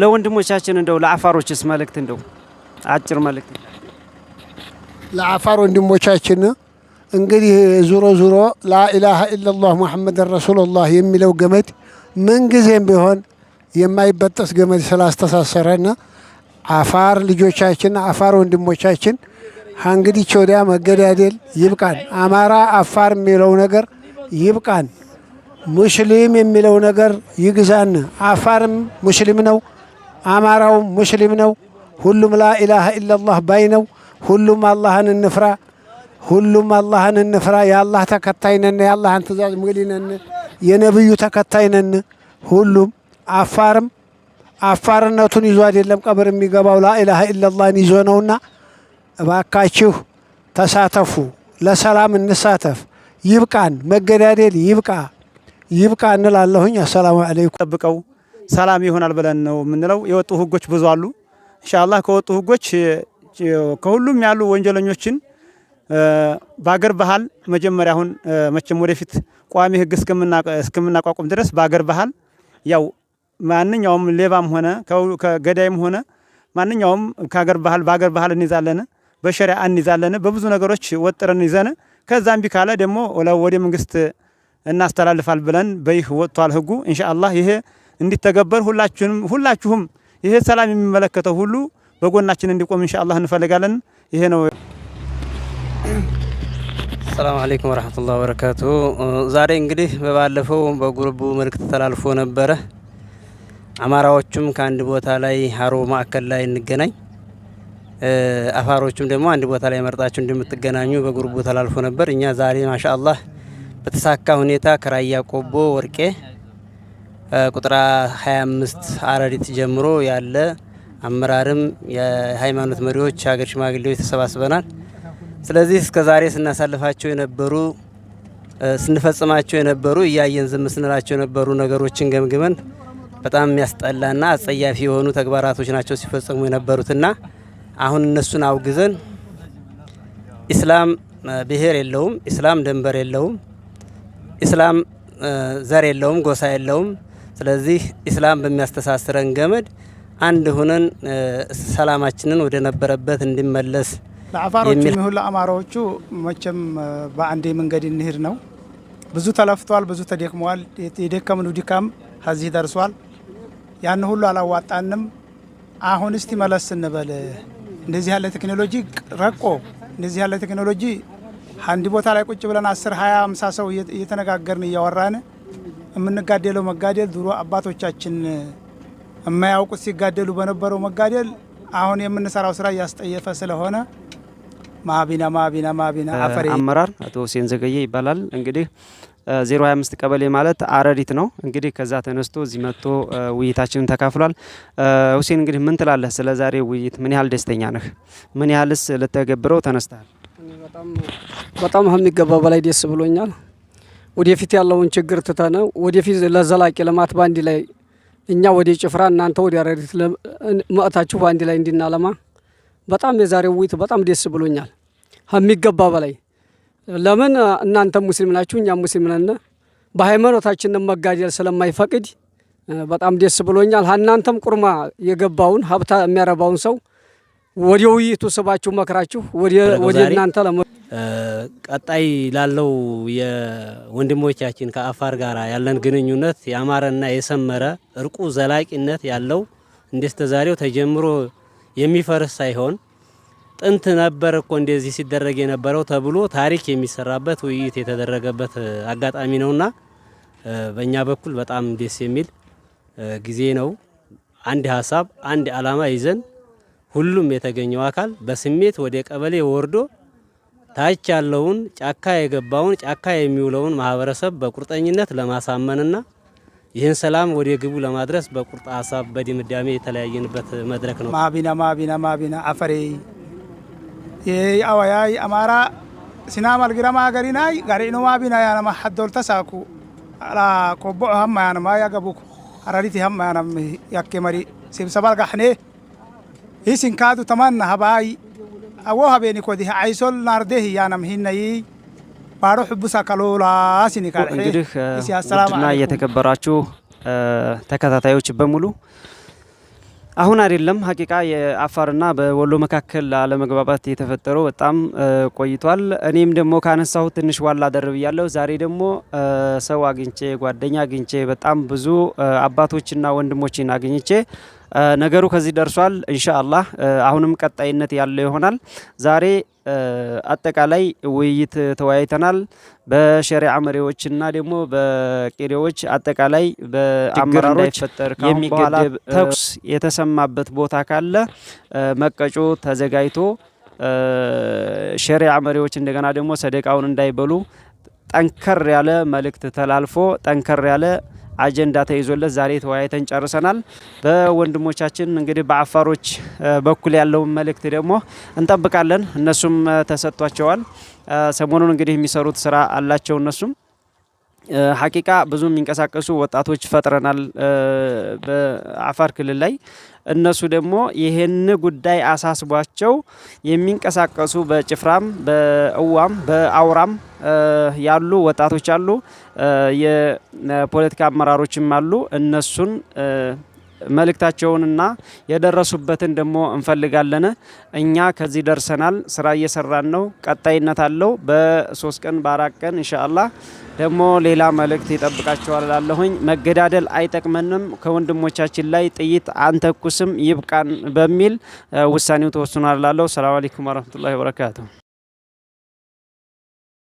ለወንድሞቻችን እንደው ለአፋሮችስ መልእክት እንደው አጭር መልእክት ለአፋር ወንድሞቻችን እንግዲህ ዙሮ ዙሮ ላኢላሃ ኢላላህ ሙሐመድን ረሱሉላህ የሚለው ገመድ ምንጊዜም ቢሆን የማይበጠስ ገመድ ስላስተሳሰረና አፋር ልጆቻችን አፋር ወንድሞቻችን እንግዲህ ወዲያ መገዳደል ይብቃን። አማራ አፋር የሚለው ነገር ይብቃን። ሙስሊም የሚለው ነገር ይግዛን። አፋርም ሙስሊም ነው፣ አማራውም ሙስሊም ነው። ሁሉም ላኢላሃ ኢለላህ ባይ ነው። ሁሉም አላህን እንፍራ፣ ሁሉም አላህን እንፍራ። የአላህ ተከታይ ነን፣ የአላህን ትእዛዝ ሙሊ ነን፣ የነብዩ ተከታይ ነን። ሁሉም አፋርም አፋርነቱን ይዞ አይደለም ቀብር የሚገባው ላኢላሃ ኢለላህን ይዞ ነውና፣ እባካችሁ ተሳተፉ። ለሰላም እንሳተፍ። ይብቃን መገዳደል፣ ይብቃ። ይብቃ እንላለሁኝ። አሰላሙ አለይኩም። ጠብቀው ሰላም ይሆናል ብለን ነው የምንለው። የወጡ ህጎች ብዙ አሉ። ኢንሻአላህ ከወጡ ህጎች ከሁሉም ያሉ ወንጀለኞችን በአገር ባህል መጀመሪያ አሁን መቼም ወደፊት ቋሚ ህግ እስከምናቋቁም ድረስ በአገር ባህል ያው ማንኛውም ሌባም ሆነ ከገዳይም ሆነ ማንኛውም ከአገር ባህል በአገር ባህል እንይዛለን፣ በሸሪያ እንይዛለን፣ በብዙ ነገሮች ወጥረን ይዘን ከዛም ቢካለ ደግሞ ወደ መንግስት እናስተላልፋል ብለን በይህ ወጥቷል ህጉ። ኢንሻአላህ ይሄ እንዲተገበር ሁላችሁም ሁላችሁም ይሄ ሰላም የሚመለከተው ሁሉ በጎናችን እንዲቆም ኢንሻአላህ እንፈልጋለን። ይሄ ነው። ሰላም አለይኩም ወራህመቱላሂ ወበረካቱ። ዛሬ እንግዲህ በባለፈው በጉርቡ መልእክት ተላልፎ ነበረ። አማራዎቹም ከአንድ ቦታ ላይ ሀሮ ማዕከል ላይ እንገናኝ፣ አፋሮቹም ደግሞ አንድ ቦታ ላይ መርጣችሁ እንደምትገናኙ በጉርቡ ተላልፎ ነበር። እኛ ዛሬ ማሻአላህ በተሳካ ሁኔታ ከራያ ቆቦ ወርቄ ቁጥር 25 አረሪት ጀምሮ ያለ አመራርም የሃይማኖት መሪዎች፣ የሀገር ሽማግሌዎች ተሰባስበናል። ስለዚህ እስከ ዛሬ ስናሳልፋቸው የነበሩ ስንፈጽማቸው የነበሩ እያየን ዝም ስንላቸው የነበሩ ነገሮችን ገምግመን በጣም የሚያስጠላና አጸያፊ የሆኑ ተግባራቶች ናቸው ሲፈጸሙ የነበሩትና አሁን እነሱን አውግዘን ኢስላም ብሔር የለውም፣ ኢስላም ድንበር የለውም። ኢስላም ዘር የለውም፣ ጎሳ የለውም። ስለዚህ ኢስላም በሚያስተሳስረን ገመድ አንድ ሁነን ሰላማችንን ወደ ነበረበት እንዲመለስ ለአፋሮቹ ይሁን ለአማራዎቹ መቼም በአንዴ መንገድ እንሄድ ነው። ብዙ ተለፍቷል፣ ብዙ ተደክመዋል። የደከምኑ ድካም ከዚህ ደርሷል። ያን ሁሉ አላዋጣንም። አሁን እስቲ መለስ እንበል። እንደዚህ ያለ ቴክኖሎጂ ረቆ እንደዚህ ያለ ቴክኖሎጂ አንድ ቦታ ላይ ቁጭ ብለን አስር ሀያ አምሳ ሰው እየተነጋገርን እያወራን የምንጋደለው መጋደል ድሮ አባቶቻችን የማያውቁት ሲጋደሉ በነበረው መጋደል አሁን የምንሰራው ስራ እያስጠየፈ ስለሆነ ማቢና ማቢና ማቢና አፈሬ አመራር አቶ ሁሴን ዘገየ ይባላል። እንግዲህ 025 ቀበሌ ማለት አረሪት ነው። እንግዲህ ከዛ ተነስቶ እዚህ መጥቶ ውይይታችንን ተካፍሏል። ሁሴን እንግዲህ ምን ትላለህ ስለ ዛሬ ውይይት? ምን ያህል ደስተኛ ነህ? ምን ያህልስ ልተገብረው ተነስተሃል? በጣም ከሚገባ በላይ ደስ ብሎኛል። ወደፊት ያለውን ችግር ትተነ ወደፊት ለዘላቂ ልማት በአንድ ላይ እኛ ወደ ጭፍራ እናንተ ወደ አረሪት መእታችሁ በአንድ ላይ እንድናለማ በጣም የዛሬው ውይይት በጣም ደስ ብሎኛል ከሚገባ በላይ። ለምን እናንተ ሙስሊም ናችሁ፣ እኛም ሙስሊም ነን። በሃይማኖታችን መጋደል ስለማይፈቅድ በጣም ደስ ብሎኛል። እናንተም ቁርማ የገባውን ሀብታ የሚያረባውን ሰው ወደ ውይይቱ ስባችሁ መክራችሁ ወደ እናንተ ለመ ቀጣይ ላለው የወንድሞቻችን ከአፋር ጋር ያለን ግንኙነት ያማረና የሰመረ እርቁ ዘላቂነት ያለው እንደስተዛሬው ተጀምሮ የሚፈርስ ሳይሆን ጥንት ነበር እኮ እንደዚህ ሲደረግ የነበረው ተብሎ ታሪክ የሚሰራበት ውይይት የተደረገበት አጋጣሚ ነውና በእኛ በኩል በጣም ደስ የሚል ጊዜ ነው። አንድ ሀሳብ፣ አንድ ዓላማ ይዘን ሁሉም የተገኘው አካል በስሜት ወደ ቀበሌ ወርዶ ታች ያለውን ጫካ የገባውን ጫካ የሚውለውን ማህበረሰብ በቁርጠኝነት ለማሳመንና ይህን ሰላም ወደ ግቡ ለማድረስ በቁርጥ ሀሳብ በድምዳሜ የተለያየንበት መድረክ ነው። ማቢና ማቢና ማቢና አፈሬ የአዋያ አማራ ሲናም አልግረማ ገሪናይ ጋሪኖ ማቢና ያነማ ሀዶል ተሳኩ አላ ኮቦ ሀማ ያነማ ያገቡኩ አራሪቲ ሀማ ያነም ያኬ መሪ ሲብሰባል ጋሕኔ hisinkaadu tamadna habaay awo habeeni kodiha caysol naardehi ያናም ሂነይ ባሮ ሕቡሳ ካሎላሲኒ ካ እንግዲህ ውድና እየተከበራችሁ ተከታታዮች በሙሉ አሁን አይደለም ሀቂቃ የአፋርና በወሎ መካከል አለመግባባት የተፈጠረው በጣም ቆይቷል። እኔም ደግሞ ካነሳሁት ትንሽ ዋላ ደርብ ያለው ዛሬ ደግሞ ሰው አግኝቼ ጓደኛ አግኝቼ በጣም ብዙ አባቶችና ወንድሞችን አግኝቼ ነገሩ ከዚህ ደርሷል። ኢንሻአላህ አሁንም ቀጣይነት ያለው ይሆናል። ዛሬ አጠቃላይ ውይይት ተወያይተናል። በሸሪዓ መሪዎችና ደግሞ በቄሬዎች አጠቃላይ በአመራሮች የሚገደብ ተኩስ የተሰማበት ቦታ ካለ መቀጮ ተዘጋጅቶ ሸሪዓ መሪዎች እንደገና ደግሞ ሰደቃውን እንዳይበሉ ጠንከር ያለ መልእክት ተላልፎ ጠንከር ያለ አጀንዳ ተይዞለት ዛሬ ተወያይተን ጨርሰናል። በወንድሞቻችን እንግዲህ በአፋሮች በኩል ያለውን መልእክት ደግሞ እንጠብቃለን። እነሱም ተሰጥቷቸዋል። ሰሞኑን እንግዲህ የሚሰሩት ስራ አላቸው እነሱም ሀቂቃ ብዙ የሚንቀሳቀሱ ወጣቶች ፈጥረናል በአፋር ክልል ላይ። እነሱ ደግሞ ይህን ጉዳይ አሳስቧቸው የሚንቀሳቀሱ በጭፍራም በእዋም በአውራም ያሉ ወጣቶች አሉ፣ የፖለቲካ አመራሮችም አሉ። እነሱን መልእክታቸውንና የደረሱበትን ደግሞ እንፈልጋለን። እኛ ከዚህ ደርሰናል፣ ስራ እየሰራን ነው፣ ቀጣይነት አለው። በሶስት ቀን በአራት ቀን እንሻአላ ደግሞ ሌላ መልእክት ይጠብቃቸዋል ላለሁኝ መገዳደል አይጠቅመንም፣ ከወንድሞቻችን ላይ ጥይት አንተኩስም፣ ይብቃን በሚል ውሳኔው ተወስኗል ላለው። ሰላም አለይኩም ወረህመቱላሂ ወበረካቱሁ።